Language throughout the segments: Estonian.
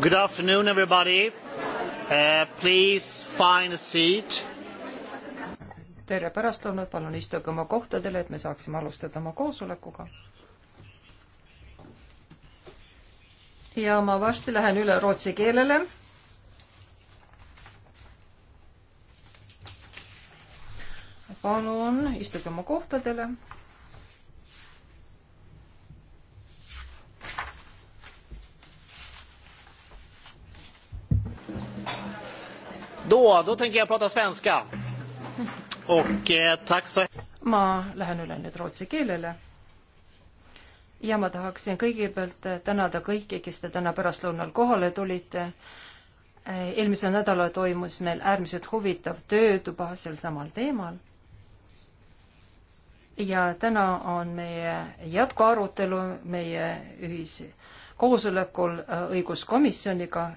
Good afternoon, everybody. Uh, please find a seat. tere pärastlõunat, palun istuge oma kohtadele, et me saaksime alustada oma koosolekuga. ja ma varsti lähen üle rootsi keelele. palun istuge oma kohtadele Då, då tänker jag prata svenska. Och eh, tack så Ma lähen üle nüüd rootsi keelele. Ja ma tahaksin kõigepealt eh, tänada kõiki, kes te täna pärastlõunal kohale tulite. Eh, eelmisel nädalal toimus meil äärmiselt huvitav töötuba sel samal teemal. Ja täna on meie jätkuarutelu meie ühise koosolekul eh, õiguskomisjoniga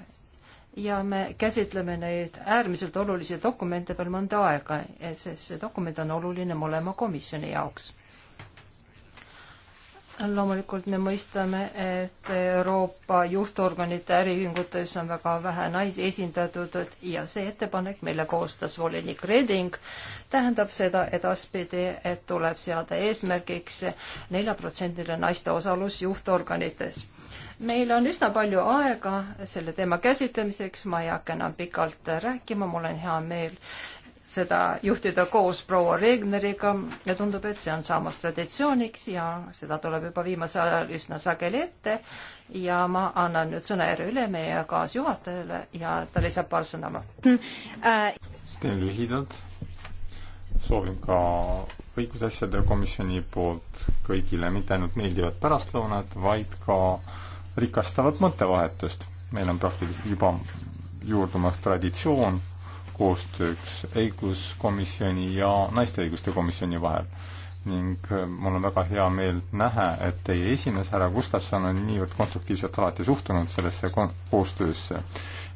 ja me käsitleme neid äärmiselt olulisi dokumente veel mõnda aega, sest see dokument on oluline mõlema komisjoni jaoks. loomulikult me mõistame, et Euroopa juhtorganite äriühingutes on väga vähe naisi esindatud ja see ettepanek, mille koostas volinik Reding, tähendab seda edaspidi, et tuleb seada eesmärgiks neljaprotsendiline naiste osalus juhtorganites meil on üsna palju aega selle teema käsitlemiseks, ma ei hakka enam pikalt rääkima, mul on hea meel seda juhtida koos proua Regneriga ja tundub, et see on saamas traditsiooniks ja seda tuleb juba viimasel ajal üsna sageli ette. ja ma annan nüüd sõna järje üle meie kaasjuhatajale ja ta lisab paar sõna. teen lühidalt. soovin ka õigusasjade komisjoni poolt kõigile mitte ainult meeldivat pärastlõunat, vaid ka rikastavad mõttevahetust. meil on praktiliselt juba juurdumas traditsioon koostööks õiguskomisjoni ja naiste õiguste komisjoni vahel ning äh, mul on väga hea meel näha, et teie esimees, härra Gustavson, on niivõrd konstruktiivselt alati suhtunud sellesse koostöösse.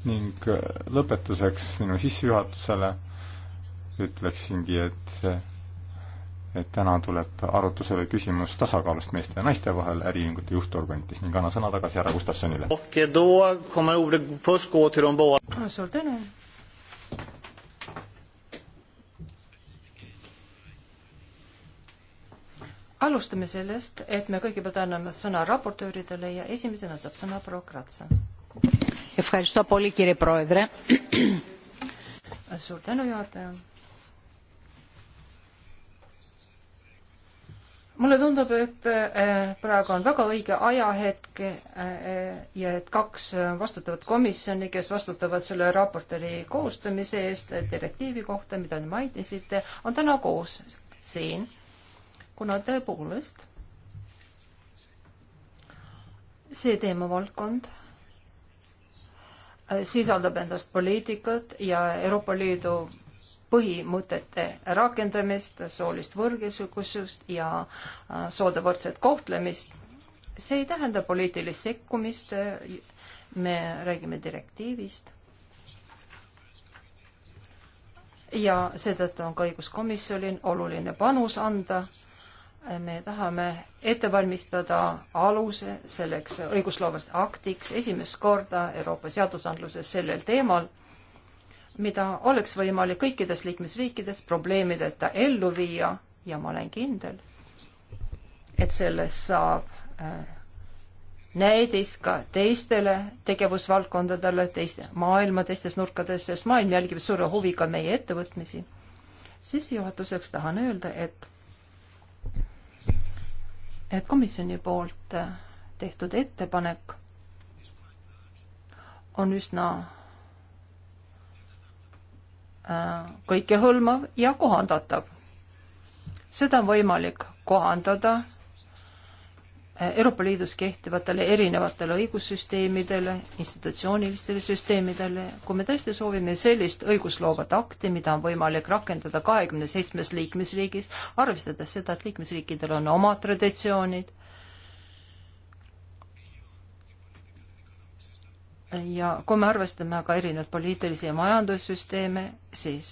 ning äh, lõpetuseks minu sissejuhatusele ütleksingi, et äh, et täna tuleb arutusele küsimus tasakaalust meeste ja naiste vahel äriühingute juhtorganites ning annan sõna tagasi härra Gustavsonile. suur tänu. alustame sellest, et me kõigepealt anname sõna raportööridele ja esimesena saab sõna proua Kratsa. suur tänu, juhataja mulle tundub, et eh, praegu on väga õige ajahetk eh, ja et kaks vastutavat komisjoni, kes vastutavad selle raportori koostamise eest direktiivi kohta, mida te mainisite, on täna koos siin, kuna tõepoolest see teemavaldkond eh, sisaldab endast poliitikat ja Euroopa Liidu põhimõtete rakendamist, soolist võrgesugusust ja äh, soode võrdset kohtlemist. see ei tähenda poliitilist sekkumist, me räägime direktiivist. ja seetõttu on ka õiguskomisjonil oluline panus anda. me tahame ette valmistada aluse selleks õigusloomest aktiks esimest korda Euroopa seadusandluses sellel teemal mida oleks võimalik kõikides liikmesriikides probleemideta ellu viia ja ma olen kindel, et sellest saab äh, näidis ka teistele tegevusvaldkondadele, teiste maailma teistes nurkades, sest maailm jälgib suure huviga meie ettevõtmisi. sissejuhatuseks tahan öelda, et et komisjoni poolt äh, tehtud ettepanek on üsna Äh, kõikehõlmav ja kohandatav. seda on võimalik kohandada äh, Euroopa Liidus kehtivatele erinevatele õigussüsteemidele, institutsioonilistele süsteemidele, kui me tõesti soovime sellist õigusloovat akti, mida on võimalik rakendada kahekümne seitsmes liikmesriigis, arvestades seda, et liikmesriikidel on oma traditsioonid ja kui me arvestame ka erinevaid poliitilisi ja majandussüsteeme, siis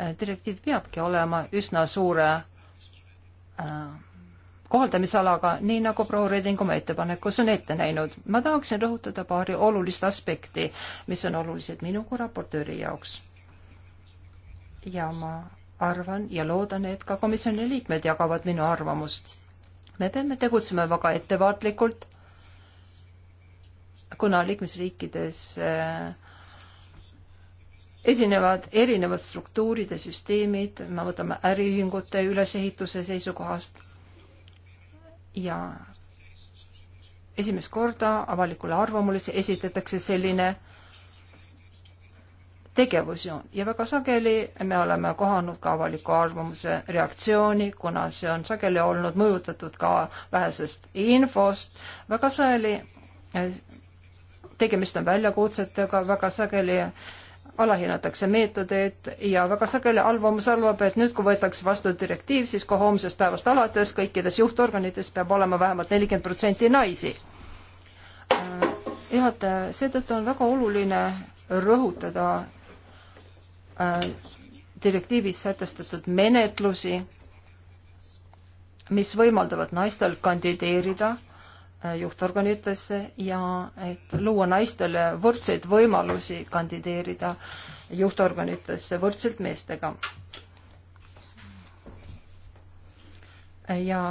äh, direktiiv peabki olema üsna suure äh, kohaldamisalaga, nii nagu proua Reding oma ettepanekus on ette näinud. ma tahaksin rõhutada paari olulist aspekti, mis on olulised minu kui raportööri jaoks. ja ma arvan ja loodan, et ka komisjoni liikmed jagavad minu arvamust. me peame tegutsema väga ettevaatlikult kuna liikmesriikides äh, esinevad erinevad struktuurid ja süsteemid, me võtame äriühingute ülesehituse seisukohast ja esimest korda avalikule arvamule esitatakse selline tegevusjoon ja väga sageli me oleme kohanud ka avaliku arvamuse reaktsiooni, kuna see on sageli olnud mõjutatud ka vähesest infost, väga sageli tegemist on väljakutsetega, väga sageli alahinnatakse meetodeid ja väga sageli halvamus arvab, et nüüd, kui võetakse vastu direktiiv, siis kohe homsest päevast alates kõikides juhtorganites peab olema vähemalt nelikümmend protsenti naisi. Äh, juhataja, seetõttu on väga oluline rõhutada äh, direktiivis sätestatud menetlusi, mis võimaldavad naistel kandideerida Äh, juhtorganitesse ja et luua naistele võrdseid võimalusi kandideerida juhtorganitesse võrdselt meestega. ja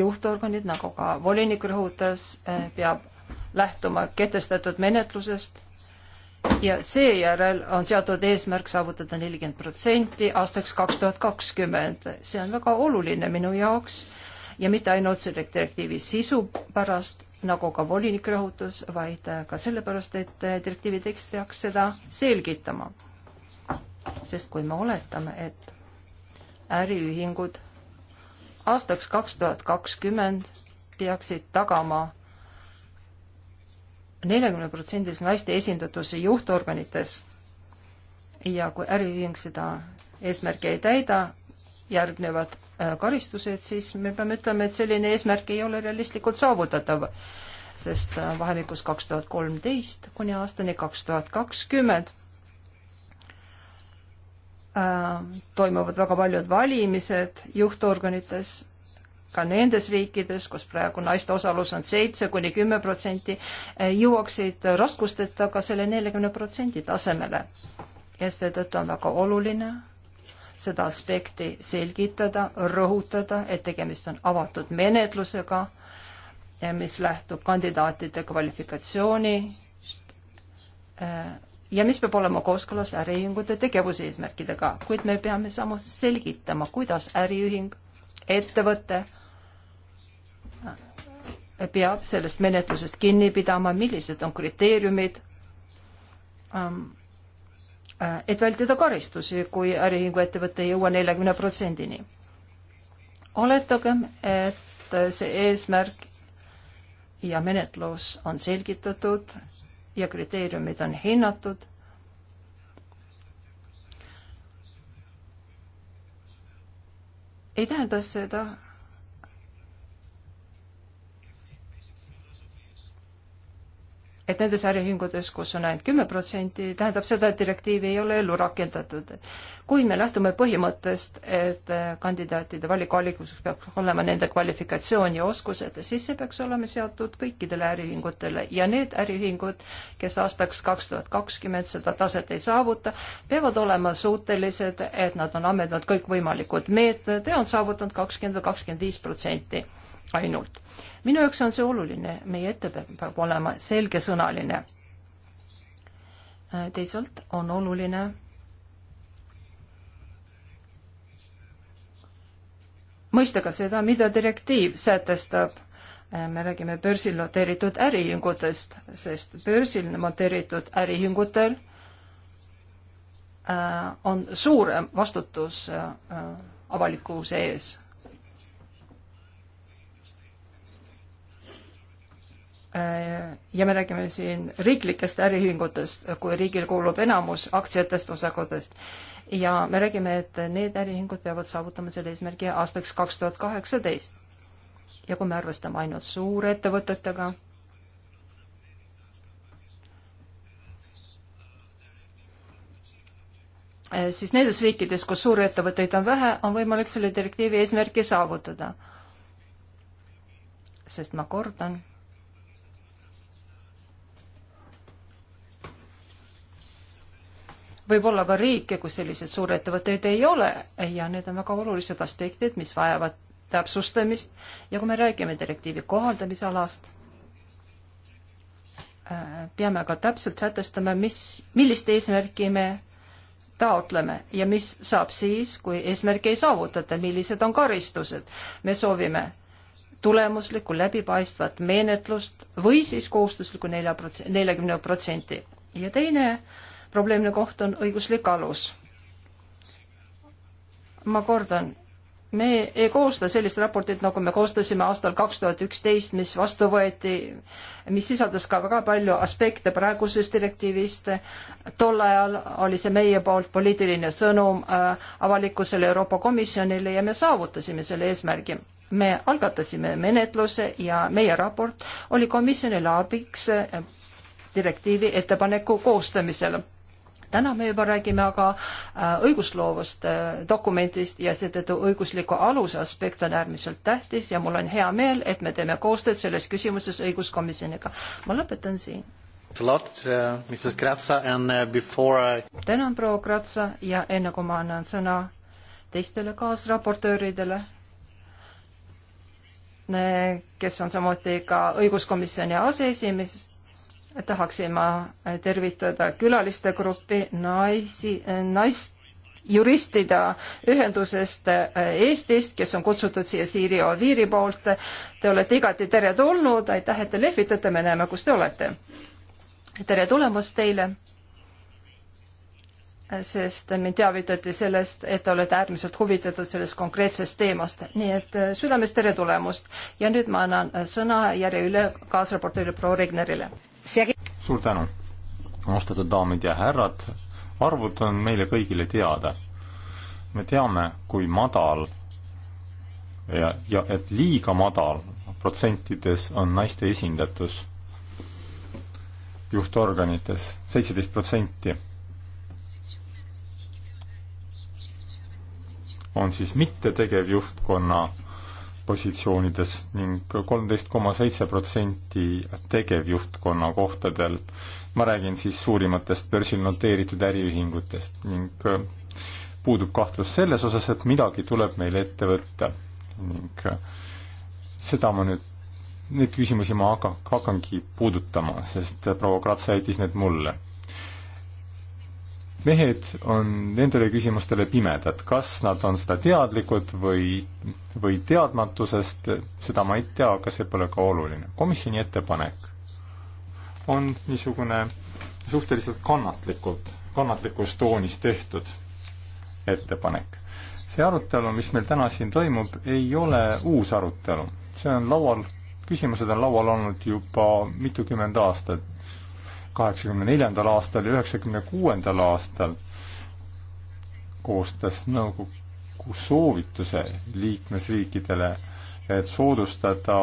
juhtorganid, nagu ka volinik rõhutas, äh, peab lähtuma kehtestatud menetlusest ja seejärel on seatud eesmärk saavutada nelikümmend protsenti aastaks kaks tuhat kakskümmend. see on väga oluline minu jaoks ja mitte ainult selle direktiivi sisu pärast, nagu ka volinik rõhutas, vaid ka sellepärast, et direktiivi tekst peaks seda selgitama. sest kui me oletame, et äriühingud aastaks kaks tuhat kakskümmend peaksid tagama neljakümneprotsendilise naiste esindatuse juhtorganites ja kui äriühing seda eesmärki ei täida, järgnevad äh, karistused, siis me peame ütlema, et selline eesmärk ei ole realistlikult saavutatav, sest äh, vahemikus kaks tuhat kolmteist kuni aastani kaks tuhat kakskümmend äh, toimuvad väga paljud valimised juhtorganites, ka nendes riikides, kus praegu naiste osalus on seitse kuni kümme protsenti, jõuaksid raskusteta ka selle neljakümne protsendi tasemele. ja seetõttu on väga oluline seda aspekti selgitada, rõhutada, et tegemist on avatud menetlusega, mis lähtub kandidaatide kvalifikatsioonist äh, ja mis peab olema kooskõlas äriühingute tegevuse eesmärkidega, kuid me peame samas selgitama, kuidas äriühing, ettevõte äh, peab sellest menetlusest kinni pidama, millised on kriteeriumid ähm, Äh, et vältida karistusi, kui äriühingu ettevõte ei jõua neljakümne protsendini. oletagem, et see eesmärk ja menetlus on selgitatud ja kriteeriumid on hinnatud. ei tähenda seda, et nendes äriühingutes, kus on ainult kümme protsenti, tähendab seda, et direktiivi ei ole ellu rakendatud. kui me lähtume põhimõttest, et äh, kandidaatide valikuallikus peab olema nende kvalifikatsioon ja oskused, siis see peaks olema seatud kõikidele äriühingutele ja need äriühingud, kes aastaks kaks tuhat kakskümmend seda taset ei saavuta, peavad olema suutelised, et nad on ammendanud kõikvõimalikud meetmed ja on saavutanud kakskümmend või kakskümmend viis protsenti ainult. minu jaoks on see oluline, meie ettepanek peab olema selgesõnaline. Äh, teisalt on oluline mõista ka seda, mida direktiiv sätestab. Äh, me räägime börsil noteeritud äriühingutest, sest börsil noteeritud äriühingutel äh, on suurem vastutus avalikkuse ees ja me räägime siin riiklikest äriühingutest, kui riigil kuulub enamus aktsiatest, osakutest. ja me räägime, et need äriühingud peavad saavutama selle eesmärgi aastaks kaks tuhat kaheksateist. ja kui me arvestame ainult suurettevõtetega, eh, siis nendes riikides, kus suurettevõtteid on vähe, on võimalik selle direktiivi eesmärki saavutada. sest ma kordan võib olla ka riike, kus selliseid suurettevõtteid ei ole ja need on väga olulised aspektid, mis vajavad täpsustamist ja kui me räägime direktiivi kohaldamise alast, äh, peame ka täpselt sätestama, mis, millist eesmärki me taotleme ja mis saab siis, kui eesmärki ei saavutata, millised on karistused. me soovime tulemuslikku läbipaistvat meenetlust või siis kohustuslikku nelja prots-, neljakümne protsendi. ja teine äh, probleemne koht on õiguslik alus. ma kordan, me ei koosta sellist raportit, nagu me koostasime aastal kaks tuhat üksteist, mis vastu võeti, mis sisaldas ka väga palju aspekte praegusest direktiivist. tol ajal oli see meie poolt poliitiline sõnum äh, avalikkusele Euroopa Komisjonile ja me saavutasime selle eesmärgi. me algatasime menetluse ja meie raport oli komisjonile abiks äh, direktiivi ettepaneku koostamisel täna me juba räägime aga äh, õigusloovast äh, dokumendist ja seetõttu õigusliku aluse aspekt on äärmiselt tähtis ja mul on hea meel, et me teeme koostööd selles küsimuses õiguskomisjoniga. ma lõpetan siin. Uh, uh, tänan, proua Kratsa ja enne kui ma annan sõna teistele kaasraportööridele, kes on samuti ka õiguskomisjoni aseesimees tahaksin ma tervitada külaliste gruppi naisi, naist, juristide ühendusest Eestist, kes on kutsutud siia Siiri Oviiri poolt. Te olete igati teretulnud, aitäh, et te lehvitate, me näeme, kus te olete. tere tulemast teile sest mind teavitati sellest, et te olete äärmiselt huvitatud sellest konkreetsest teemast, nii et südamest tere tulemast. ja nüüd ma annan sõna järje üle kaasraportööri proua Regnerile suur tänu, austatud daamid ja härrad, arvud on meile kõigile teada. me teame, kui madal ja, ja et liiga madal protsentides on naiste esindatus juhtorganites, seitseteist protsenti. on siis mittetegevjuhtkonna positsioonides ning kolmteist koma seitse protsenti tegevjuhtkonna kohtadel. ma räägin siis suurimatest börsil noteeritud äriühingutest ning äh, puudub kahtlus selles osas, et midagi tuleb meil ette võtta ning äh, seda ma nüüd, neid küsimusi ma hakka, hakkangi puudutama, sest proua Kratsa jättis need mulle mehed on nendele küsimustele pimedad, kas nad on seda teadlikud või, või teadmatusest, seda ma ei tea, aga see pole ka oluline. komisjoni ettepanek on niisugune suhteliselt kannatlikult, kannatlikus toonis tehtud ettepanek. see arutelu, mis meil täna siin toimub, ei ole uus arutelu, see on laual, küsimused on laual olnud juba mitukümmend aastat kaheksakümne neljandal aastal ja üheksakümne kuuendal aastal koostas nõukogu soovituse liikmesriikidele, et soodustada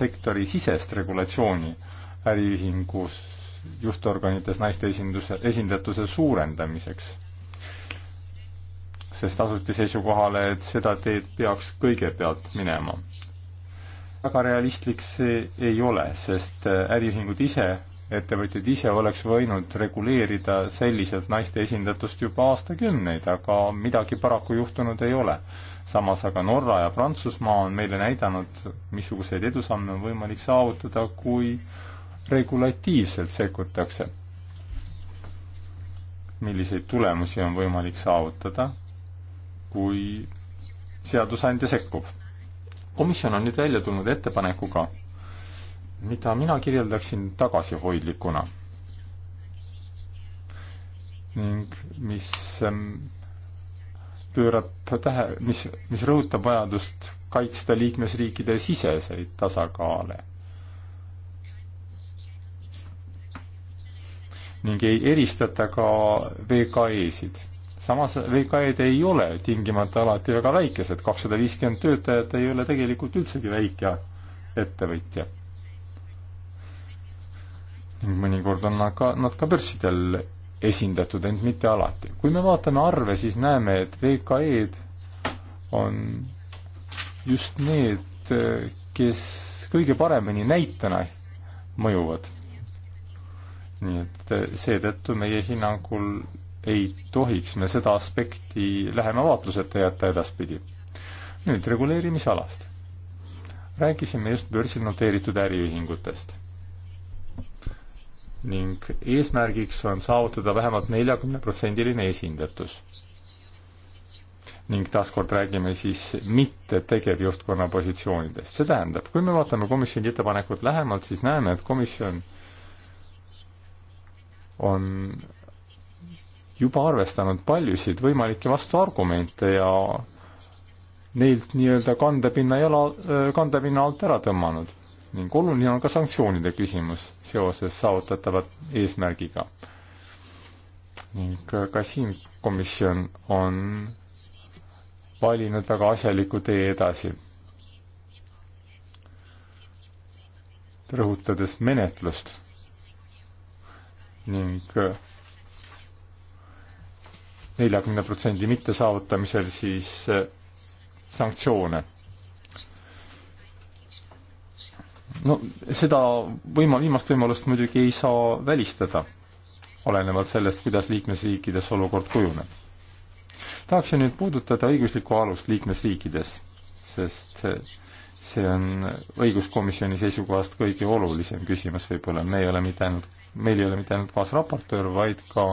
sektori sisest regulatsiooni äriühingus juhtorganites naiste esinduse, esindatuse suurendamiseks. sest asuti seisukohale, et seda teed peaks kõigepealt minema. väga realistlik see ei ole, sest äriühingud ise ettevõtjad ise oleks võinud reguleerida selliselt naiste esindatust juba aastakümneid, aga midagi paraku juhtunud ei ole. samas aga Norra ja Prantsusmaa on meile näidanud, missuguseid edusamme on võimalik saavutada, kui regulatiivselt sekkutakse. milliseid tulemusi on võimalik saavutada, kui seadusandja sekkub. komisjon on nüüd välja tulnud ettepanekuga, mida mina kirjeldaksin tagasihoidlikuna ning mis ähm, pöörab tähe, mis, mis rõhutab vajadust kaitsta liikmesriikide siseseid tasakaale. ning ei eristata ka VKE-sid. samas VKE-d ei ole tingimata alati väga väikesed, kakssada viiskümmend töötajat ei ole tegelikult üldsegi väike ettevõtja ning mõnikord on nad ka, nad ka börsidel esindatud, ent mitte alati. kui me vaatame arve, siis näeme, et VKE-d on just need, kes kõige paremini näitena mõjuvad. nii et eh, seetõttu meie hinnangul ei tohiks me seda aspekti lähema vaatluseta jätta edaspidi. nüüd reguleerimisalast. rääkisime just börsil noteeritud äriühingutest ning eesmärgiks on saavutada vähemalt neljakümneprotsendiline esindatus. ning taaskord räägime siis mitte tegevjuhtkonna positsioonidest, see tähendab, kui me vaatame komisjoni ettepanekut lähemalt, siis näeme, et komisjon on juba arvestanud paljusid võimalikke vastuargumente ja neilt nii-öelda kandepinna jala, kandepinna alt ära tõmmanud ning oluline on ka sanktsioonide küsimus seoses saavutatava eesmärgiga. ning ka siin komisjon on valinud väga asjaliku tee edasi, rõhutades menetlust ning neljakümne protsendi mittesaavutamisel siis sanktsioone no seda võima-, viimast võimalust muidugi ei saa välistada, olenevalt sellest, kuidas liikmesriikides olukord kujuneb. tahaksin nüüd puudutada õiguslikku alust liikmesriikides, sest see on õiguskomisjoni seisukohast kõige olulisem küsimus võib-olla, me ei ole mitte ainult, meil ei ole mitte ainult kaasraportöör, vaid ka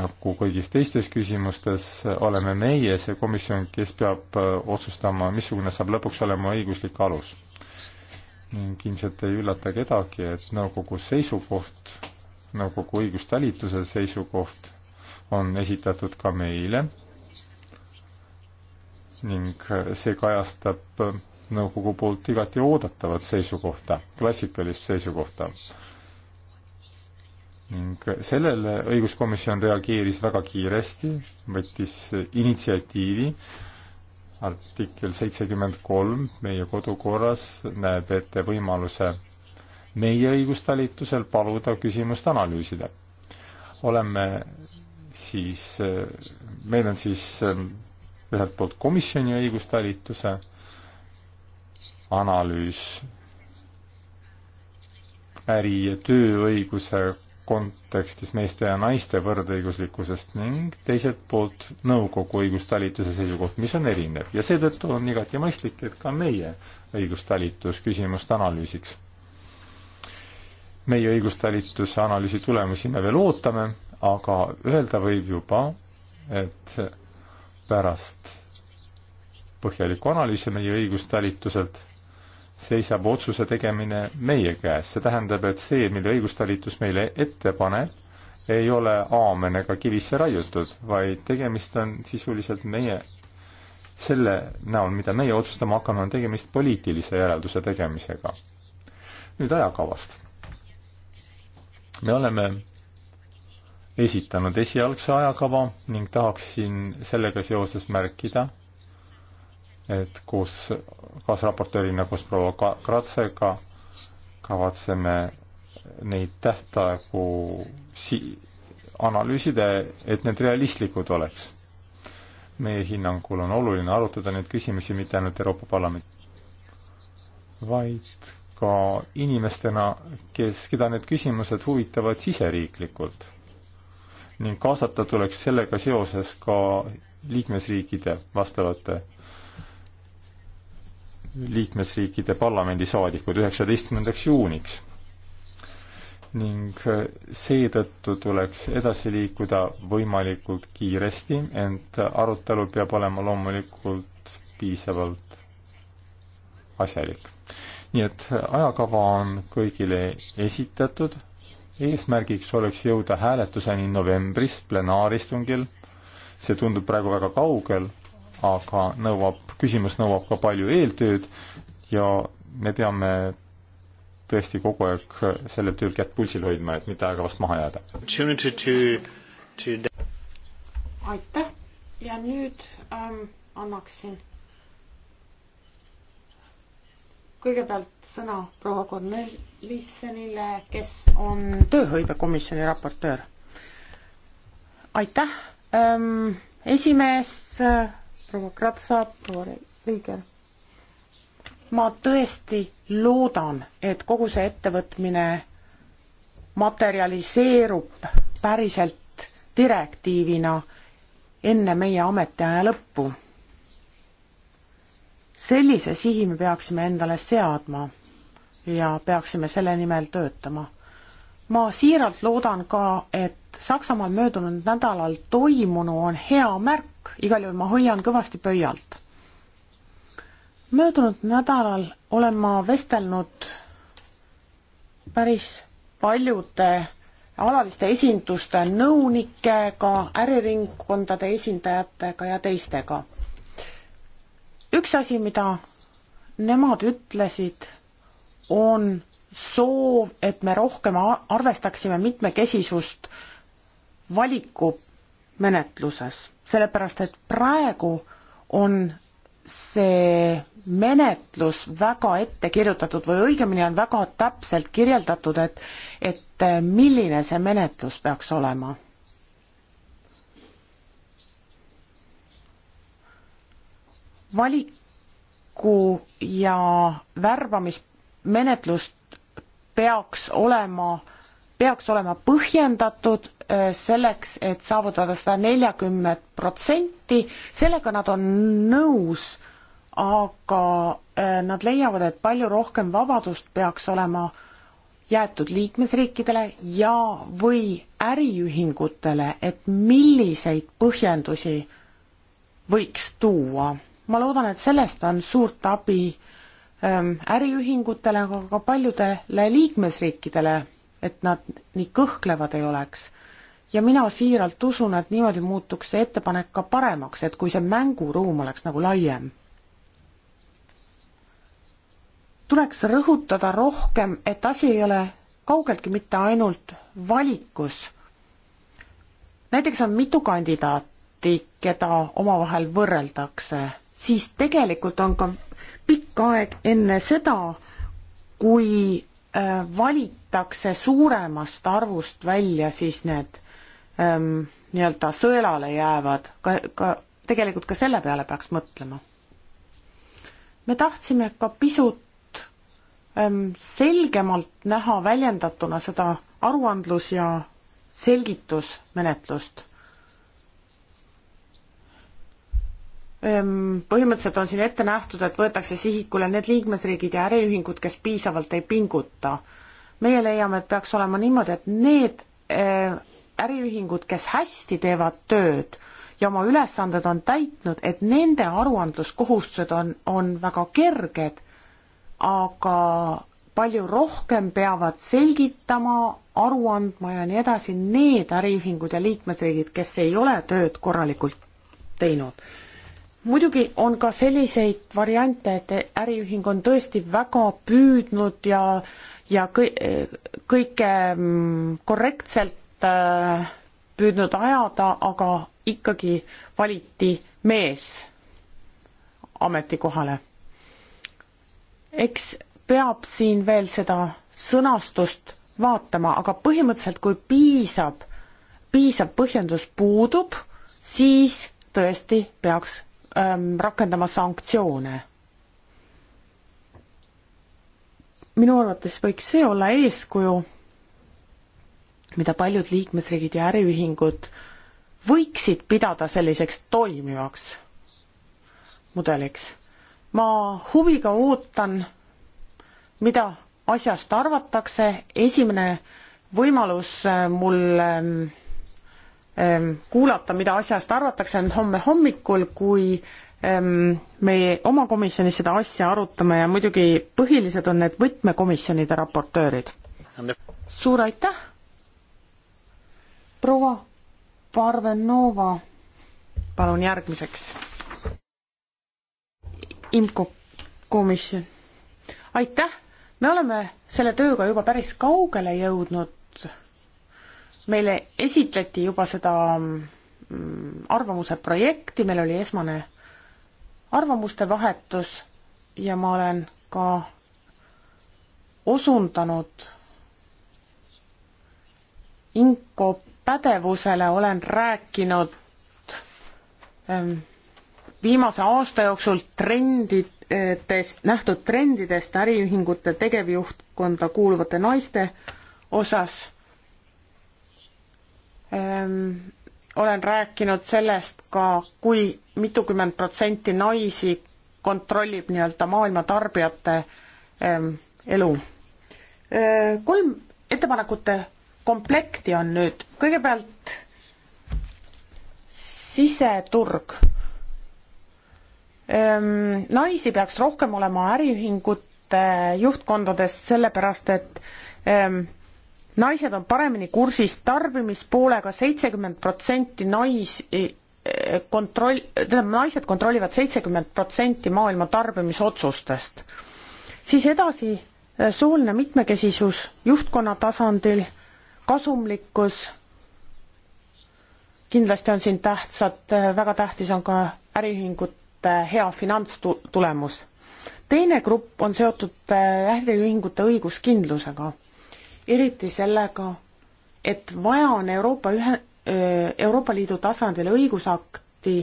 nagu kõigis teistes küsimustes oleme meie see komisjon, kes peab äh, otsustama, missugune saab lõpuks olema õiguslik alus ning ilmselt ei üllata kedagi, et nõukogu seisukoht, nõukogu õigustalituse seisukoht on esitatud ka meile ning see kajastab nõukogu poolt igati oodatavat seisukohta, klassikalist seisukohta. ning sellele õiguskomisjon reageeris väga kiiresti, võttis initsiatiivi artikkel seitsekümmend kolm meie kodukorras näeb ette võimaluse meie õigustalitusel paluda küsimust analüüsida. oleme siis, meil on siis eh, ühelt poolt komisjoni õigustalituse analüüs äri- ja tööõiguse kontekstis meeste ja naiste võrdõiguslikkusest ning teiselt poolt nõukogu õigustalituse seisukoht, mis on erinev ja seetõttu on igati mõistlik, et ka meie õigustalitus küsimust analüüsiks. meie õigustalituse analüüsi tulemusi me veel ootame, aga öelda võib juba, et pärast põhjalikku analüüsi meie õigustalituselt seisab otsuse tegemine meie käes, see tähendab, et see, mille õigustalitus meile ette paneb, ei ole aamen ega kivisse raiutud, vaid tegemist on sisuliselt meie, selle näol, mida meie otsustama hakkame, on tegemist poliitilise järelduse tegemisega. nüüd ajakavast. me oleme esitanud esialgse ajakava ning tahaksin sellega seoses märkida, et koos kaasraportöörina koos proua Kratsega kavatseme neid tähtaegu si-, analüüsida, et need realistlikud oleks. meie hinnangul on oluline arutada neid küsimusi mitte ainult Euroopa Parlamendis, vaid ka inimestena, kes, keda need küsimused huvitavad siseriiklikult. ning kaasata tuleks sellega seoses ka liikmesriikide vastavate liikmesriikide parlamendisaadikud üheksateistkümnendaks juuniks. ning äh, seetõttu tuleks edasi liikuda võimalikult kiiresti, ent arutelu peab olema loomulikult piisavalt asjalik. nii et äh, ajakava on kõigile esitatud, eesmärgiks oleks jõuda hääletuseni novembris plenaaristungil, see tundub praegu väga kaugel aga nõuab, küsimus nõuab ka palju eeltööd ja me peame tõesti kogu aeg sellel tööl kätt pulsil hoidma, et mitte aega vast maha jääda. aitäh ja nüüd ähm, annaksin kõigepealt sõna proua Kornelissonile, kes on tööhõivekomisjoni raportöör. aitäh ähm,, esimees äh, proua Kratsa, proua Riiger. ma tõesti loodan, et kogu see ettevõtmine materialiseerub päriselt direktiivina enne meie ametiaja lõppu. sellise sihi me peaksime endale seadma ja peaksime selle nimel töötama. ma siiralt loodan ka, et Saksamaal möödunud nädalal toimunu on hea märk igal juhul ma hoian kõvasti pöialt. möödunud nädalal olen ma vestelnud päris paljude alaliste esinduste nõunikega, äriringkondade esindajatega ja teistega. üks asi, mida nemad ütlesid, on soov, et me rohkem arvestaksime mitmekesisust valikumenetluses sellepärast et praegu on see menetlus väga ette kirjutatud või õigemini on väga täpselt kirjeldatud, et, et äh, milline see menetlus peaks olema. valiku ja värbamismenetlust peaks olema peaks olema põhjendatud äh, selleks, et saavutada seda neljakümmet protsenti, sellega nad on nõus, aga äh, nad leiavad, et palju rohkem vabadust peaks olema jäetud liikmesriikidele ja või äriühingutele, et milliseid põhjendusi võiks tuua. ma loodan, et sellest on suurt abi ähm, äriühingutele, aga ka paljudele liikmesriikidele et nad nii kõhklevad ei oleks. ja mina siiralt usun, et niimoodi muutuks see ettepanek ka paremaks, et kui see mänguruum oleks nagu laiem. tuleks rõhutada rohkem, et asi ei ole kaugeltki mitte ainult valikus. näiteks on mitu kandidaati, keda omavahel võrreldakse, siis tegelikult on ka pikk aeg enne seda, kui äh, valik võetakse suuremast arvust välja siis need ähm, nii-öelda sõelale jäävad, ka, ka tegelikult ka selle peale peaks mõtlema. me tahtsime ka pisut ähm, selgemalt näha väljendatuna seda aruandlus- ja selgitusmenetlust ähm, põhimõtteliselt on siin ette nähtud, et võetakse sihikule need liikmesriigid ja äriühingud, kes piisavalt ei pinguta meie leiame, et peaks olema niimoodi, et need eh, äriühingud, kes hästi teevad tööd ja oma ülesanded on täitnud, et nende aruandluskohustused on, on väga kerged, aga palju rohkem peavad selgitama, aru andma ja nii edasi need äriühingud ja liikmesriigid, kes ei ole tööd korralikult teinud muidugi on ka selliseid variante, et äriühing on tõesti väga püüdnud ja, ja kõik, kõike mm, korrektselt äh, püüdnud ajada, aga ikkagi valiti mees ametikohale. eks peab siin veel seda sõnastust vaatama, aga põhimõtteliselt, kui piisab, piisav põhjendus puudub, siis tõesti peaks ähm, rakendama sanktsioone. minu arvates võiks see olla eeskuju, mida paljud liikmesriigid ja äriühingud võiksid pidada selliseks toimivaks mudeliks. ma huviga ootan, mida asjast arvatakse, esimene võimalus äh, mul ähm, Ehm, kuulata, mida asjast arvatakse, on homme hommikul, kui ehm, me oma komisjonis seda asja arutame ja muidugi põhilised on need võtmekomisjonide raportöörid. suur aitäh, proua Parvenova, palun järgmiseks. IMCO komisjon, aitäh, me oleme selle tööga juba päris kaugele jõudnud meile esitleti juba seda mm, arvamuse projekti, meil oli esmane arvamuste vahetus ja ma olen ka osundanud Inko pädevusele, olen rääkinud ehm, viimase aasta jooksul trendidest, nähtud trendidest äriühingute tegevjuhtkonda kuuluvate naiste osas ähm, olen rääkinud sellest ka, kui mitukümmend protsenti naisi kontrollib nii-öelda maailma tarbijate ähm, elu äh,. kolm ettepanekute komplekti on nüüd, kõigepealt siseturg ähm,. naisi peaks rohkem olema äriühingute juhtkondades, sellepärast et ähm, naised on paremini kursis tarbimispoolega, seitsekümmend protsenti nais-, e, e, kontroll, tähendab, naised kontrollivad seitsekümmend protsenti maailma tarbimisotsustest. siis edasi, e, sooline mitmekesisus juhtkonna tasandil, kasumlikkus, kindlasti on siin tähtsad, väga tähtis on ka äriühingute hea finantstulemus. teine grupp on seotud äriühingute õiguskindlusega eriti sellega, et vaja on Euroopa ühe, Euroopa Liidu tasandil õigusakti,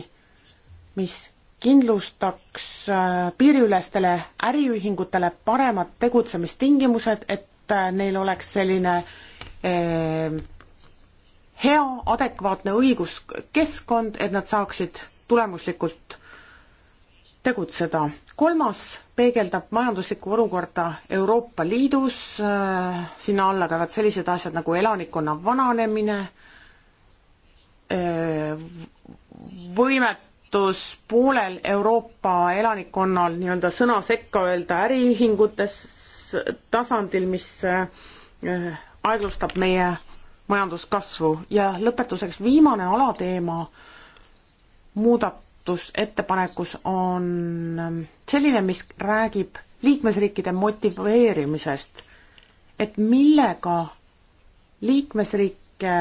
mis kindlustaks piiriülestele äriühingutele paremad tegutsemistingimused, et neil oleks selline hea, adekvaatne õiguskeskkond, et nad saaksid tulemuslikult tegutseda. kolmas peegeldab majanduslikku olukorda Euroopa Liidus, äh, sinna alla käivad sellised asjad nagu elanikkonna vananemine, äh, võimetus poolel Euroopa elanikkonnal nii-öelda sõna sekka öelda äriühingutes tasandil, mis äh, aeglustab meie majanduskasvu ja lõpetuseks viimane alateema muudab muudatusettepanekus on selline, mis räägib liikmesriikide motiveerimisest, et millega liikmesriike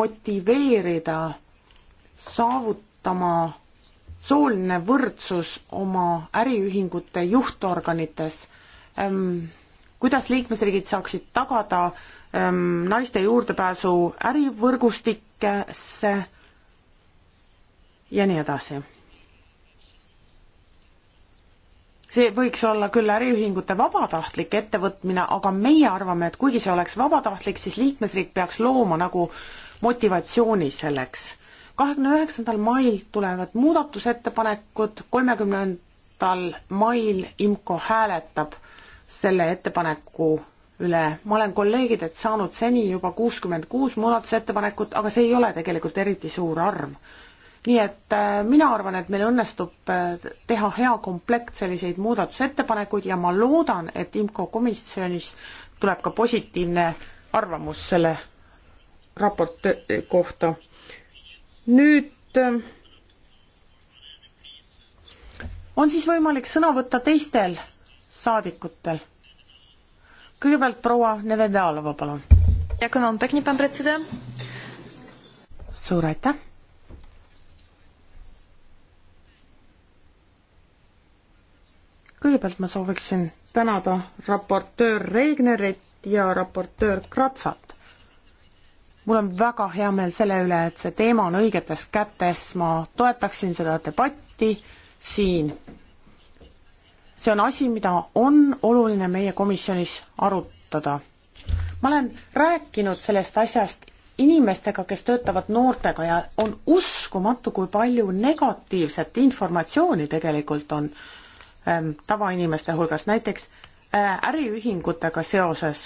motiveerida saavutama sooline võrdsus oma äriühingute juhtorganites, ehm, kuidas liikmesriigid saaksid tagada ehm, naiste juurdepääsu ärivõrgustikesse, ja nii edasi. see võiks olla küll äriühingute vabatahtlik ettevõtmine, aga meie arvame, et kuigi see oleks vabatahtlik, siis liikmesriik peaks looma nagu motivatsiooni selleks. kahekümne üheksandal mail tulevad muudatusettepanekud, kolmekümnendal mail IMCO hääletab selle ettepaneku üle, ma olen kolleegidelt saanud seni juba kuuskümmend kuus muudatusettepanekut, aga see ei ole tegelikult eriti suur arv nii et äh, mina arvan, et meil õnnestub äh, teha hea komplekt selliseid muudatusettepanekuid ja ma loodan, et IMCO komisjonis tuleb ka positiivne arvamus selle raporti äh, kohta. nüüd on siis võimalik sõna võtta teistel saadikutel. kõigepealt proua Nevedalova, palun. suur aitäh kõigepealt ma sooviksin tänada raportöör Regnerit ja raportöör Kratsat. mul on väga hea meel selle üle, et see teema on õigetes kätes, ma toetaksin seda debatti siin. see on asi, mida on oluline meie komisjonis arutada. ma olen rääkinud sellest asjast inimestega, kes töötavad noortega ja on uskumatu, kui palju negatiivset informatsiooni tegelikult on Ähm, tavainimeste hulgas, näiteks äh, äriühingutega seoses.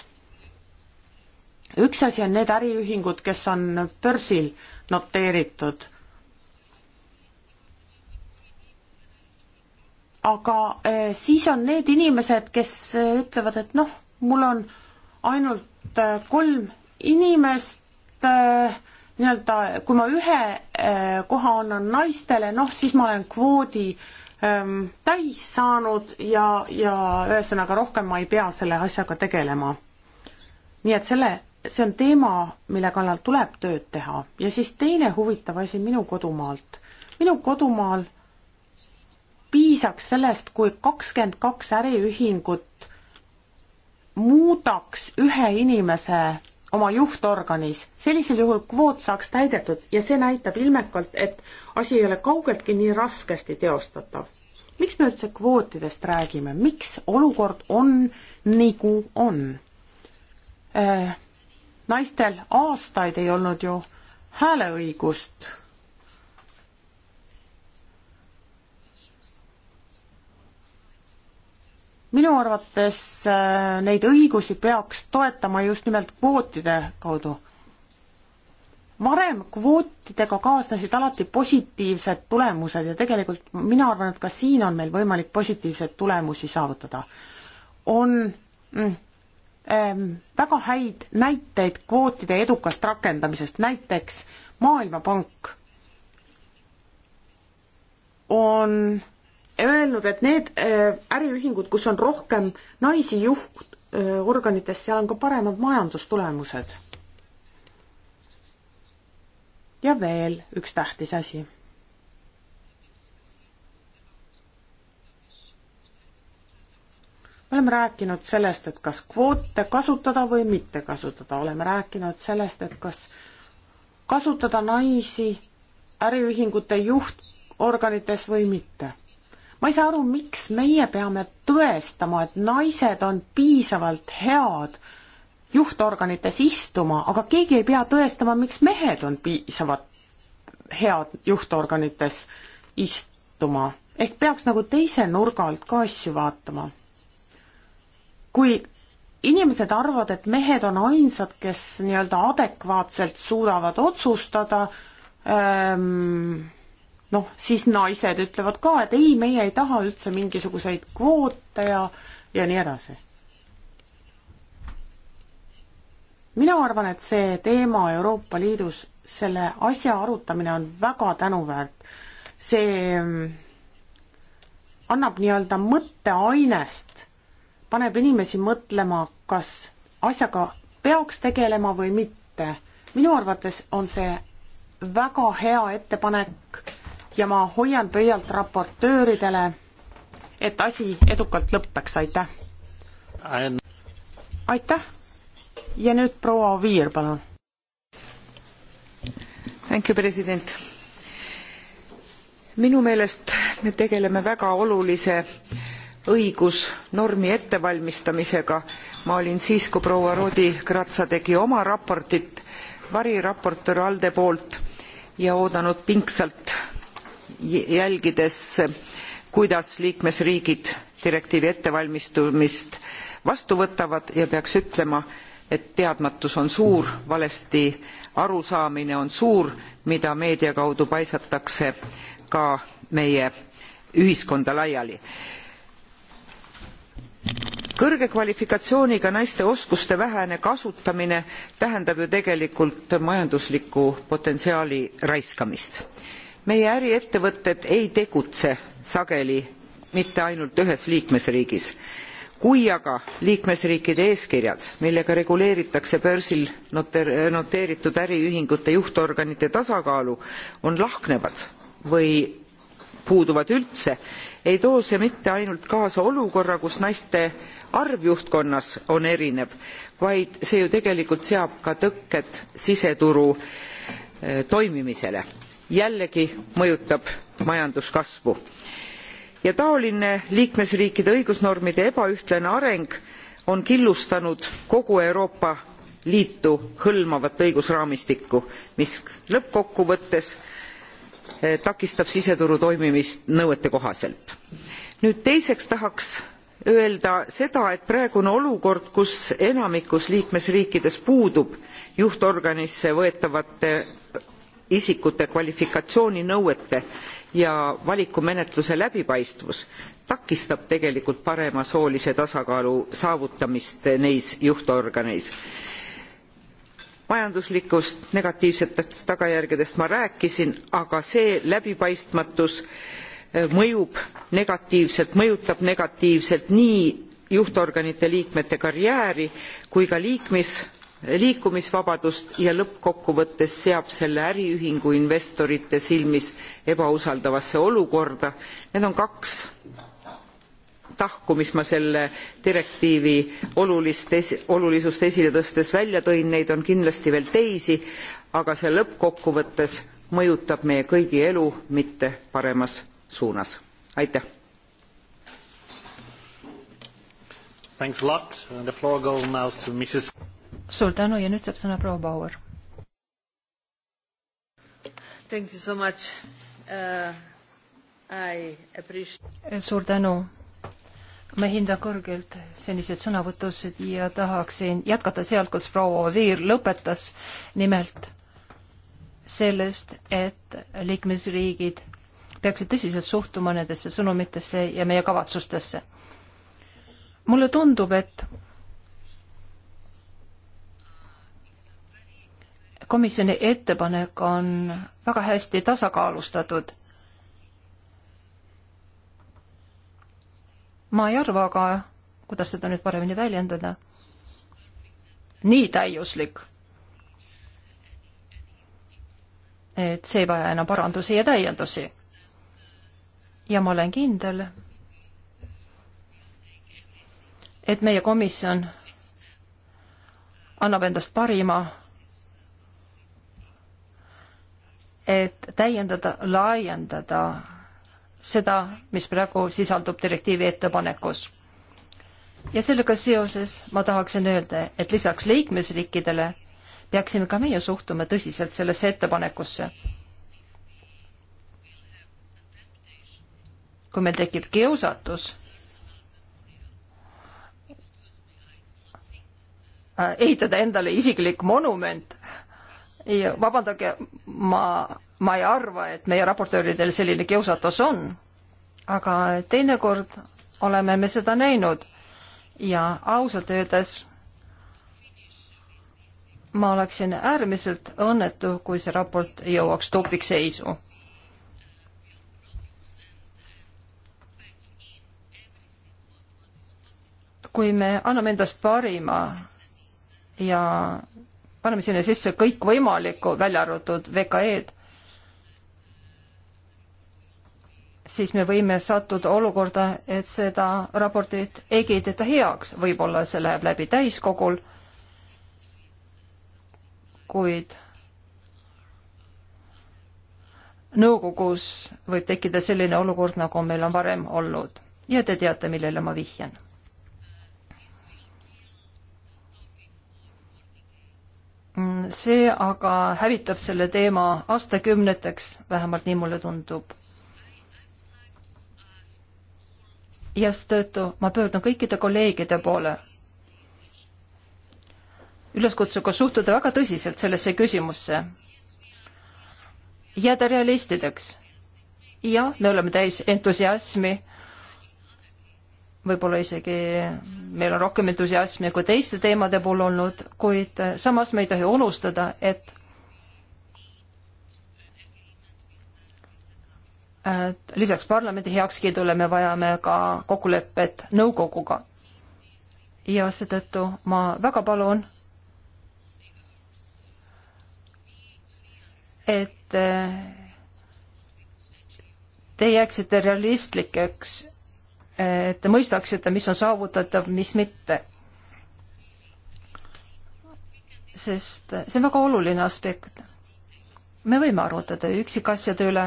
üks asi on need äriühingud, kes on börsil noteeritud, aga äh, siis on need inimesed, kes äh, ütlevad, et noh, mul on ainult kolm inimest äh, nii-öelda, kui ma ühe äh, koha annan naistele, noh, siis ma olen kvoodi äh, ähm, täis saanud ja, ja ühesõnaga rohkem ma ei pea selle asjaga tegelema. nii et selle, see on teema, mille kallal tuleb tööd teha ja siis teine huvitav asi minu kodumaalt. minu kodumaal piisaks sellest, kui kakskümmend kaks äriühingut muudaks ühe inimese oma juhtorganis. sellisel juhul kvoot saaks täidetud ja see näitab ilmekalt, et asi ei ole kaugeltki nii raskesti teostatav. miks me üldse kvootidest räägime, miks olukord on nii, nagu kui on äh,? naistel aastaid ei olnud ju hääleõigust minu arvates äh, neid õigusi peaks toetama just nimelt kvootide kaudu. varem kvootidega kaasnesid alati positiivsed tulemused ja tegelikult mina arvan, et ka siin on meil võimalik positiivseid tulemusi saavutada. on mm, ähm, väga häid näiteid kvootide edukast rakendamisest, näiteks Maailmapank on öelnud, et need äh, äriühingud, kus on rohkem naisi juhtorganites, äh, seal on ka paremad majandustulemused. ja veel üks tähtis asi me oleme rääkinud sellest, et kas kvoote kasutada või mitte kasutada, oleme rääkinud sellest, et kas kasutada naisi äriühingute juhtorganites või mitte ma ei saa aru, miks meie peame tõestama, et naised on piisavalt head juhtorganites istuma, aga keegi ei pea tõestama, miks mehed on piisavalt head juhtorganites istuma. ehk peaks nagu teise nurga alt ka asju vaatama. kui inimesed arvavad, et mehed on ainsad, kes nii-öelda adekvaatselt suudavad otsustada ähm,, noh, siis naised ütlevad ka, et ei, meie ei taha üldse mingisuguseid kvoote ja, ja nii edasi. mina arvan, et see teema Euroopa Liidus, selle asja arutamine on väga tänuväärt. see mm, annab nii-öelda mõtteainest, paneb inimesi mõtlema, kas asjaga peaks tegelema või mitte. minu arvates on see väga hea ettepanek ja ma hoian pöialt raportööridele, et asi edukalt lõpeks, aitäh! aitäh! ja nüüd proua Oviir, palun! minu meelest me tegeleme väga olulise õigusnormi ettevalmistamisega ma olin siis kui proua rodi kratsa tegi oma raportit variraportöör alde poolt ja oodanud pingsalt jälgides kuidas liikmesriigid direktiivi ettevalmistamist vastu võtavad ja peaks ütlema et teadmatus on suur valesti arusaamine on suur mida meedia kaudu paisatakse ka meie ühiskonda laiali kõrge kvalifikatsiooniga naiste oskuste vähene kasutamine tähendab ju tegelikult majandusliku potentsiaali raiskamist meie äriettevõtted ei tegutse sageli mitte ainult ühes liikmesriigis kui aga liikmesriikide eeskirjad millega reguleeritakse börsil noteeritud äriühingute juhtorganite tasakaalu on lahknevad või puuduvad üldse ei too see mitte ainult kaasa olukorra kus naiste arv juhtkonnas on erinev vaid see ju tegelikult seab ka tõkked siseturu eh, toimimisele jällegi mõjutab majanduskasvu ja taoline liikmesriikide õigusnormide ebaühtlane areng on killustanud kogu euroopa liitu hõlmavat õigusraamistikku mis lõppkokkuvõttes eh, takistab siseturu toimimist nõuetekohaselt. nüüd teiseks tahaks öelda seda et praegune olukord kus enamikus liikmesriikides puudub juhtorganisse võetavate isikute kvalifikatsiooninõuete ja valikumenetluse läbipaistvus takistab tegelikult parema soolise tasakaalu saavutamist neis juhtorganeis. majanduslikust negatiivsetest tagajärgedest ma rääkisin aga see läbipaistmatus eh, mõjub negatiivselt mõjutab negatiivselt nii juhtorganite liikmete karjääri kui ka liikmes liikumisvabadust ja lõppkokkuvõttes seab selle äriühingu investorite silmis ebausaldavasse olukorda. need on kaks tahku mis ma selle direktiivi es olulisust esile tõstes välja tõin neid on kindlasti veel teisi aga see lõppkokkuvõttes mõjutab meie kõigi elu mitte paremas suunas. aitäh! Thanks a lot. And the floor goes now to Mrs suur tänu ja nüüd saab sõna proua Bauer. Thank you so much uh,. I appreciate. suur tänu. ma hindan kõrgelt senised sõnavõtused ja tahaksin jätkata sealt, kus proua Oviir lõpetas, nimelt sellest, et liikmesriigid peaksid tõsiselt suhtuma nendesse sõnumitesse ja meie kavatsustesse. mulle tundub, et komisjoni ettepanek on väga hästi tasakaalustatud. ma ei arva aga, kuidas seda nüüd paremini väljendada, nii täiuslik, et see ei vaja enam parandusi ja täiendusi. ja ma olen kindel, et meie komisjon annab endast parima et täiendada, laiendada seda, mis praegu sisaldub direktiivi ettepanekus. ja sellega seoses ma tahaksin öelda, et lisaks liikmesriikidele peaksime ka meie suhtuma tõsiselt sellesse ettepanekusse. kui meil tekib kiusatus äh, ehitada endale isiklik monument ja vabandage, ma, ma ei arva, et meie raportööridel selline kiusatus on, aga teinekord oleme me seda näinud ja ausalt öeldes ma oleksin äärmiselt õnnetu, kui see raport jõuaks tupikseisu. kui me anname endast parima ja paneme sinna sisse kõikvõimalikku, välja arvatud VKE-d, siis me võime sattuda olukorda, et seda raportit ei kiideta heaks, võib-olla see läheb läbi täiskogul, kuid nõukogus võib tekkida selline olukord, nagu meil on varem olnud ja te teate, millele ma vihjan Mm, see aga hävitab selle teema aastakümneteks, vähemalt nii mulle tundub. ja seetõttu ma pöördun kõikide kolleegide poole üleskutsega suhtuda väga tõsiselt sellesse küsimusse, jääda realistideks. jah, me oleme täis entusiasmi võib-olla isegi meil on rohkem entusiasmi kui teiste teemade puhul olnud, kuid samas me ei tohi unustada, et et lisaks parlamendi heakskiidule me vajame ka kokkulepet nõukoguga. ja seetõttu ma väga palun, et te jääksite realistlikeks et te mõistaksite, mis on saavutatav, mis mitte. sest see on väga oluline aspekt. me võime arutada üksikasjade üle.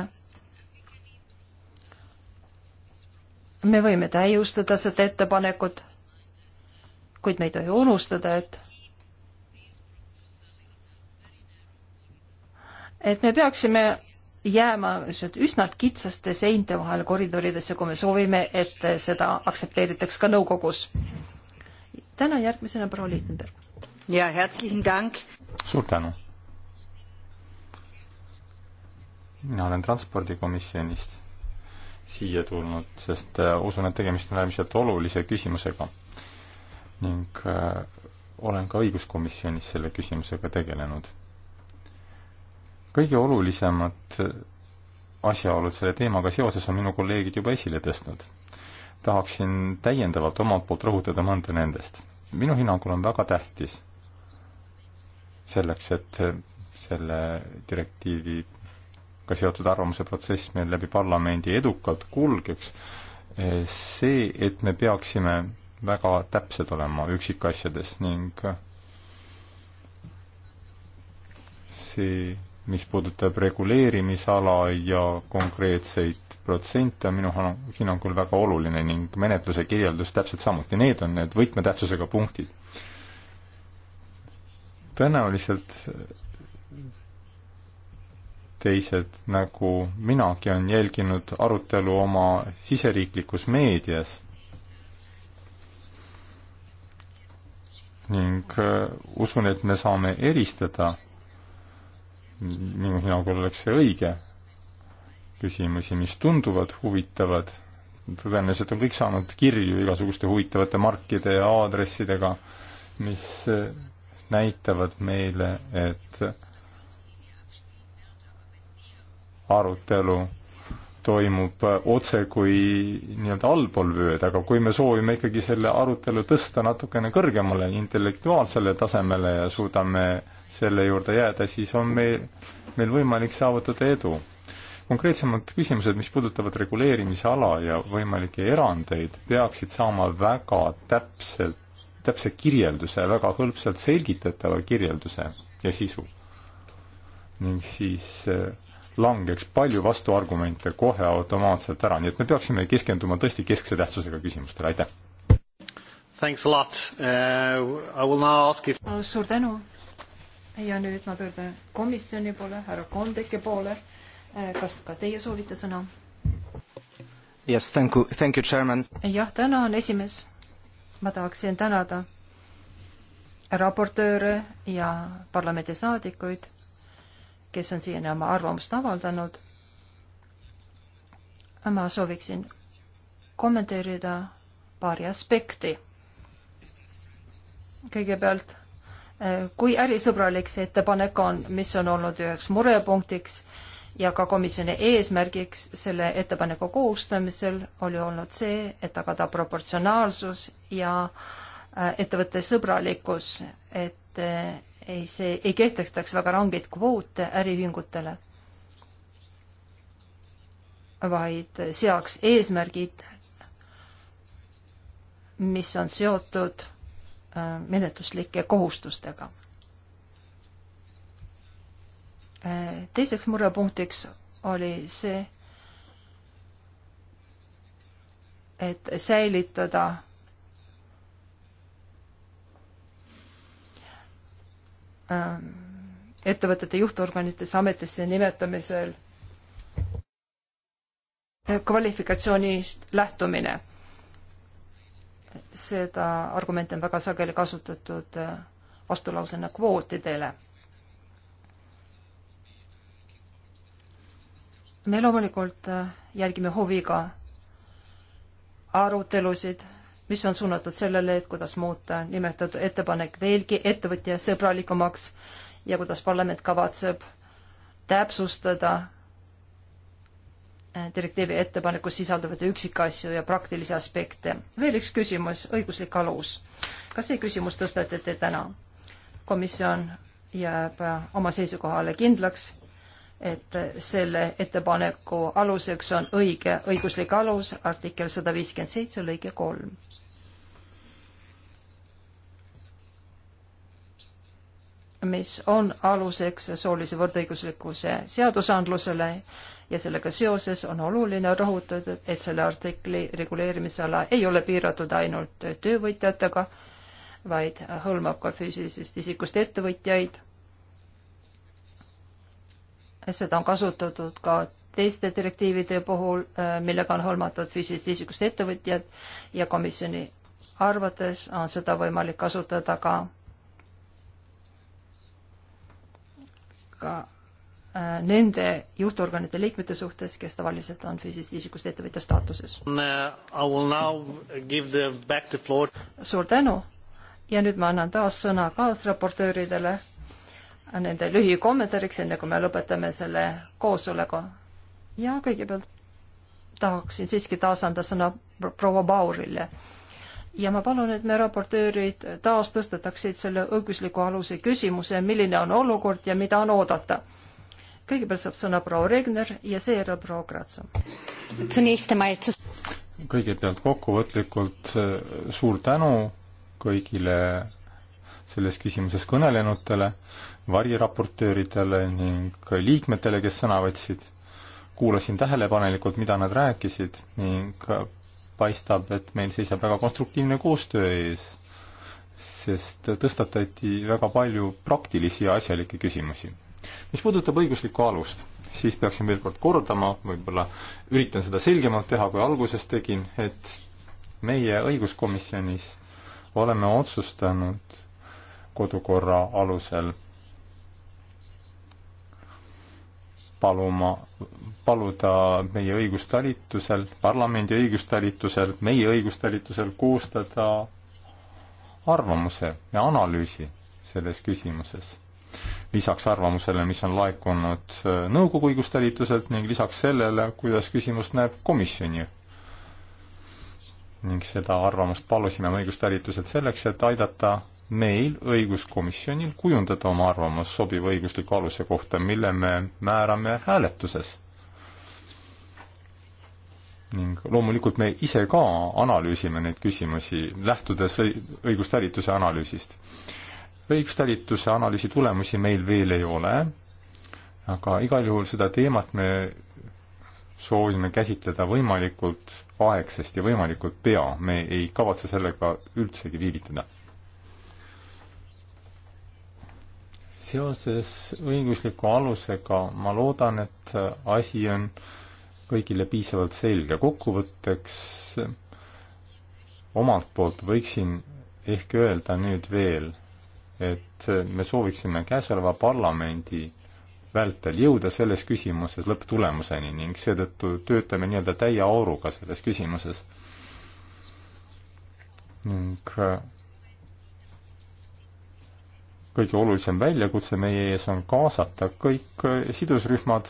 me võime täiustada seda ettepanekut, kuid me ei tohi unustada, et et me peaksime jääma üsna kitsaste seinte vahel koridoridesse, kui me soovime, et seda aktsepteeritaks ka nõukogus. täna järgmisena proua Lichtenberg. ja, herzlichen Dank. suur tänu. mina olen transpordikomisjonist siia tulnud, sest äh, usun, et tegemist on äärmiselt olulise küsimusega. ning äh, olen ka õiguskomisjonis selle küsimusega tegelenud kõige olulisemad asjaolud selle teemaga seoses on minu kolleegid juba esile tõstnud. tahaksin täiendavalt omalt poolt rõhutada mõnda nendest. minu hinnangul on väga tähtis selleks, et selle direktiiviga seotud arvamuse protsess meil läbi parlamendi edukalt kulgeks, see, et me peaksime väga täpsed olema üksikasjades ning see mis puudutab reguleerimisala ja konkreetseid protsente, on minu hinnangul väga oluline ning menetluse kirjeldus täpselt samuti, need on need võtmetähtsusega punktid. tõenäoliselt teised nagu minagi on jälginud arutelu oma siseriiklikus meedias ning äh, usun, et me saame eristada minu hinnangul oleks see õige, küsimusi, mis tunduvad huvitavad, tõenäoliselt on kõik saanud kirju igasuguste huvitavate markide ja aadressidega, mis eh, näitavad meile, et arutelu toimub eh, otse kui nii-öelda allpool vööd, aga kui me soovime ikkagi selle arutelu tõsta natukene kõrgemale intellektuaalsele tasemele ja suudame selle juurde jääda, siis on meil, meil võimalik saavutada edu. konkreetsemalt küsimused, mis puudutavad reguleerimisala ja võimalikke erandeid, peaksid saama väga täpselt, täpse kirjelduse, väga hõlpsalt selgitatava kirjelduse ja sisu. ning siis eh, langeks palju vastuargumente kohe automaatselt ära, nii et me peaksime keskenduma tõesti keskse tähtsusega küsimustele, aitäh! Thanks a lot. Uh, I will now ask if- oh, Suur tänu! ja nüüd ma pöördun komisjoni poole, härra Kondeke poole. Eh, kas ka teie soovite sõna? Yes, thank you, thank you, chairman. jah, tänan, esimees. ma tahaksin tänada raportööre ja parlamendisaadikuid, kes on siiani oma arvamust avaldanud. ma sooviksin kommenteerida paari aspekti. kõigepealt kui ärisõbralik see ettepanek on, mis on olnud üheks murepunktiks ja ka komisjoni eesmärgiks selle ettepaneku koostamisel oli olnud see, et tagada proportsionaalsus ja äh, ettevõtte sõbralikkus, et äh, ei, see ei kehtestataks väga rangeid kvoote äriühingutele, vaid seaks eesmärgid, mis on seotud Äh, menetluslike kohustustega. Äh, teiseks murepunktiks oli see, et säilitada ähm, ettevõtete juhtorganitesse ametisse nimetamisel kvalifikatsioonist lähtumine seda argumenti on väga sageli kasutatud äh, vastulausena kvootidele. me loomulikult äh, jälgime huviga arutelusid, mis on suunatud sellele, et kuidas muuta nimetatud ettepanek veelgi ettevõtjasõbralikumaks ja kuidas parlament kavatseb täpsustada direktiivi ettepanekus sisalduvaid üksikasju ja praktilisi aspekte. veel üks küsimus, õiguslik alus. ka see küsimus tõstatati täna. komisjon jääb oma seisukohale kindlaks, et selle ettepaneku aluseks on õige õiguslik alus, artikkel sada viiskümmend seitse lõige kolm. mis on aluseks soolise võrdõiguslikkuse seadusandlusele ja sellega seoses on oluline rõhutada, et selle artikli reguleerimisala ei ole piiratud ainult töövõtjatega, vaid hõlmab ka füüsilisest isikust ettevõtjaid. seda on kasutatud ka teiste direktiivide puhul, äh, millega on hõlmatud füüsilisest isikust ettevõtjad ja komisjoni arvates on seda võimalik kasutada ka, ka Äh, nende juhtorganite liikmete suhtes, kes tavaliselt on füüsilisest isikust ettevõtja staatuses. Um, äh, suur tänu ja nüüd ma annan taas sõna kaasraportööridele nende lühikommentaariks, enne kui me lõpetame selle koosoleku. ja kõigepealt tahaksin siiski taas anda sõna proua Baurile ja ma palun, et me raportöörid taas tõstataksid selle õigusliku aluse küsimuse, milline on olukord ja mida on oodata kõigepealt saab sõna proua Regner ja seejärel proua Kratsa. kõigepealt kokkuvõtlikult äh, suur tänu kõigile selles küsimuses kõnelenutele, variraportööridele ning liikmetele, kes sõna võtsid. kuulasin tähelepanelikult, mida nad rääkisid ning paistab, et meil seisab väga konstruktiivne koostöö ees, sest tõstatati väga palju praktilisi ja asjalikke küsimusi mis puudutab õiguslikku alust, siis peaksin veel kord kordama, võib-olla üritan seda selgemalt teha, kui alguses tegin, et meie õiguskomisjonis oleme otsustanud kodukorra alusel paluma, paluda meie õigustalitusel, parlamendi õigustalitusel, meie õigustalitusel koostada arvamuse ja analüüsi selles küsimuses lisaks arvamusele, mis on laekunud äh, nõukogu õigustalituselt ning lisaks sellele, kuidas küsimust näeb komisjoni. ning seda arvamust palusime me õigustalituselt selleks, et aidata meil, õiguskomisjonil, kujundada oma arvamus sobiva õigusliku aluse kohta, mille me määrame hääletuses ning loomulikult me ise ka analüüsime neid küsimusi, lähtudes õigustalituse analüüsist õigustalituse analüüsi tulemusi meil veel ei ole, aga igal juhul seda teemat me soovime käsitleda võimalikult aegsasti, võimalikult pea, me ei kavatse sellega üldsegi viivitada. seoses õigusliku alusega ma loodan, et asi on kõigile piisavalt selge, kokkuvõtteks omalt poolt võiksin ehk öelda nüüd veel, et me sooviksime käesoleva parlamendi vältel jõuda selles küsimuses lõpptulemuseni ning seetõttu töötame nii-öelda täie auruga selles küsimuses. ning äh, kõige olulisem väljakutse meie ees on kaasata kõik äh, sidusrühmad,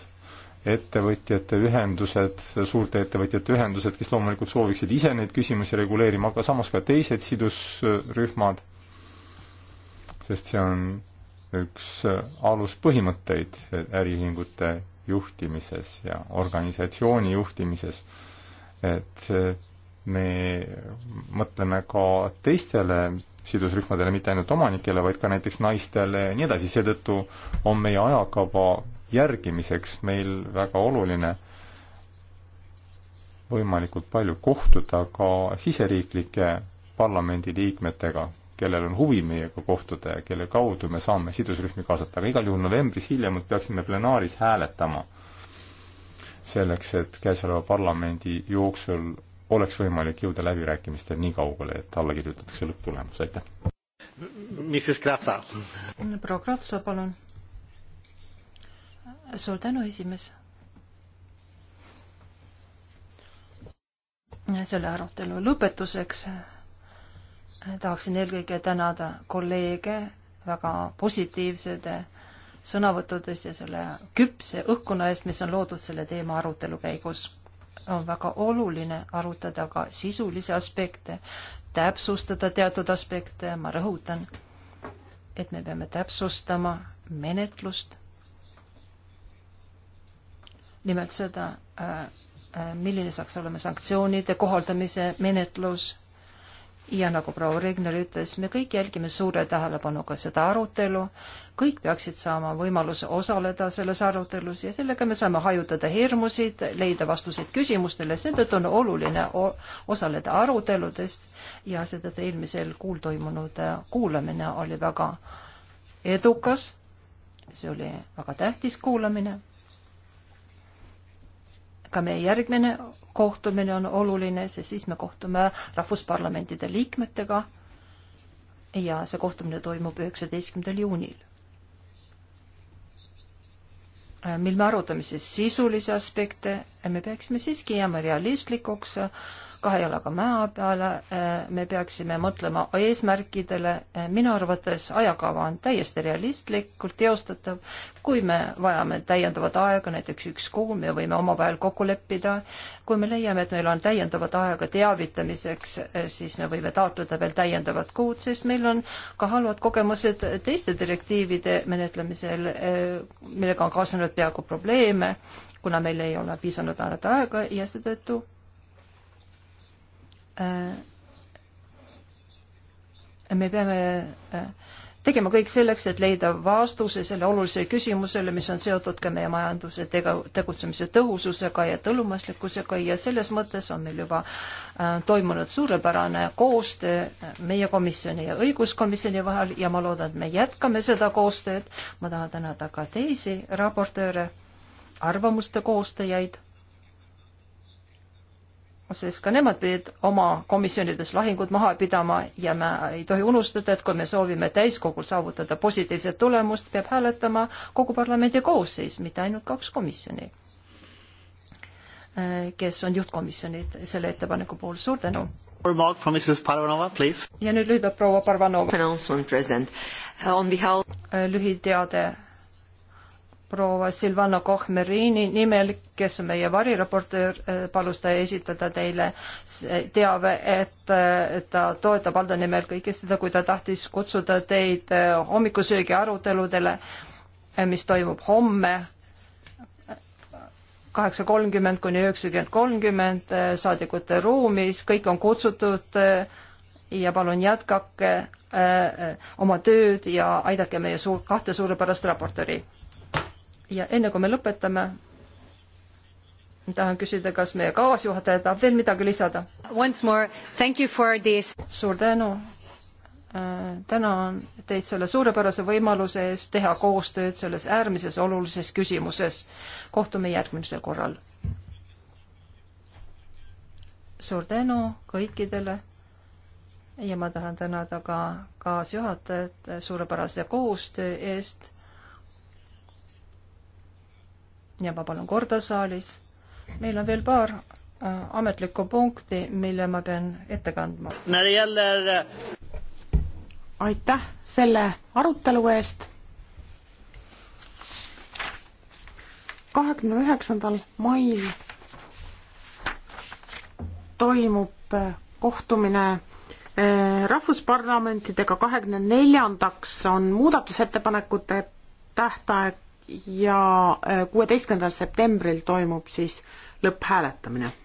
ettevõtjate ühendused, suurte ettevõtjate ühendused, kes loomulikult sooviksid ise neid küsimusi reguleerima, aga samas ka teised sidusrühmad sest see on üks äh, aluspõhimõtteid äriühingute juhtimises ja organisatsiooni juhtimises, et äh, me mõtleme ka teistele sidusrühmadele, mitte ainult omanikele, vaid ka näiteks naistele ja nii edasi, seetõttu on meie ajakava järgimiseks meil väga oluline võimalikult palju kohtuda ka siseriiklike parlamendiliikmetega, kellel on huvi meiega kohtuda ja kelle kaudu me saame sidusrühmi kaasata, aga igal juhul novembris hiljemalt peaksime plenaaris hääletama selleks, et käesoleva parlamendi jooksul oleks võimalik jõuda läbirääkimistel nii kaugele, et alla kirjutatakse lõpptulemus, aitäh. Mrs Kratsa. proua Kratsa, palun. suur tänu, esimees. selle arutelu lõpetuseks tahaksin eelkõige tänada kolleege väga positiivsete sõnavõttudest ja selle küpse õhkkonna eest, mis on loodud selle teema arutelu käigus. on väga oluline arutada ka sisulisi aspekte, täpsustada teatud aspekte, ma rõhutan, et me peame täpsustama menetlust, nimelt seda, äh, äh, milline saaks olema sanktsioonide kohaldamise menetlus ja nagu proua Regner ütles, me kõik jälgime suure tähelepanuga seda arutelu, kõik peaksid saama võimaluse osaleda selles arutelus ja sellega me saame hajutada hirmusid, leida vastuseid küsimustele, seetõttu on oluline osaleda aruteludest ja seetõttu eelmisel kuul toimunud äh, kuulamine oli väga edukas, see oli väga tähtis kuulamine ka meie järgmine kohtumine on oluline, sest siis me kohtume rahvusparlamentide liikmetega ja see kohtumine toimub üheksateistkümnendal juunil Äh, mil me arutame siis sisulisi aspekte ja äh, me peaksime siiski jääma realistlikuks, äh, kahe jalaga maa peale, me peaksime mõtlema eesmärkidele, minu arvates ajakava on täiesti realistlikult teostatav, kui me vajame täiendavat aega, näiteks üks kuu, me võime omavahel kokku leppida, kui me leiame, et meil on täiendavat aega teavitamiseks, siis me võime taotleda veel täiendavat kuud, sest meil on ka halvad kogemused teiste direktiivide menetlemisel, millega on kaasnenud tekitanud peaaegu probleeme, kuna meil ei ole piisavalt alati aega ja seetõttu äh, me peame äh, tegema kõik selleks, et leida vastuse selle olulisele küsimusele, mis on seotud ka meie majanduse tega, tegutsemise tõhususega ja tõllumaslikkusega ja selles mõttes on meil juba äh, toimunud suurepärane koostöö äh, meie komisjoni ja õiguskomisjoni vahel ja ma loodan, et me jätkame seda koostööd. ma tahan tänada ka teisi raportööre, arvamuste koostajaid sest ka nemad pidid oma komisjonides lahingud maha pidama ja me ei tohi unustada, et kui me soovime täiskogul saavutada positiivset tulemust, peab hääletama kogu parlamendi koosseis, mitte ainult kaks komisjoni, äh, kes on juhtkomisjonid selle ettepaneku puhul. suur tänu! Remark from Mrs. Parvanova, please. ja nüüd lühidalt proua Parvanova. Äh, lühiteade proua Silvana Kohmerini nimel, kes on meie variraportöör, äh, palus ta esitada teile teave, et äh, ta toetab Aldo nimel kõike seda, kui ta tahtis kutsuda teid äh, hommikusöögi aruteludele, mis toimub homme kaheksa kolmkümmend kuni üheksakümmend kolmkümmend saadikute ruumis, kõik on kutsutud ja palun jätkake oma tööd ja aidake meie suur, kahte suurepärast raportööri ja enne kui me lõpetame, tahan küsida, kas meie kaasjuhataja tahab veel midagi lisada? suur tänu äh, tänan teid selle suurepärase võimaluse eest teha koostööd selles äärmises olulises küsimuses. kohtume järgmisel korral. suur tänu kõikidele ja ma tahan tänada ka kaasjuhatajat suurepärase koostöö eest ja ma palun korda saalis. meil on veel paar äh, ametlikku punkti, mille ma pean ette kandma. Äh, aitäh selle arutelu eest. kahekümne üheksandal mail toimub äh, kohtumine rahvusparlamentidega, kahekümne neljandaks on muudatusettepanekute tähtaeg ja äh, kuueteistkümnendal septembril toimub siis lõpphääletamine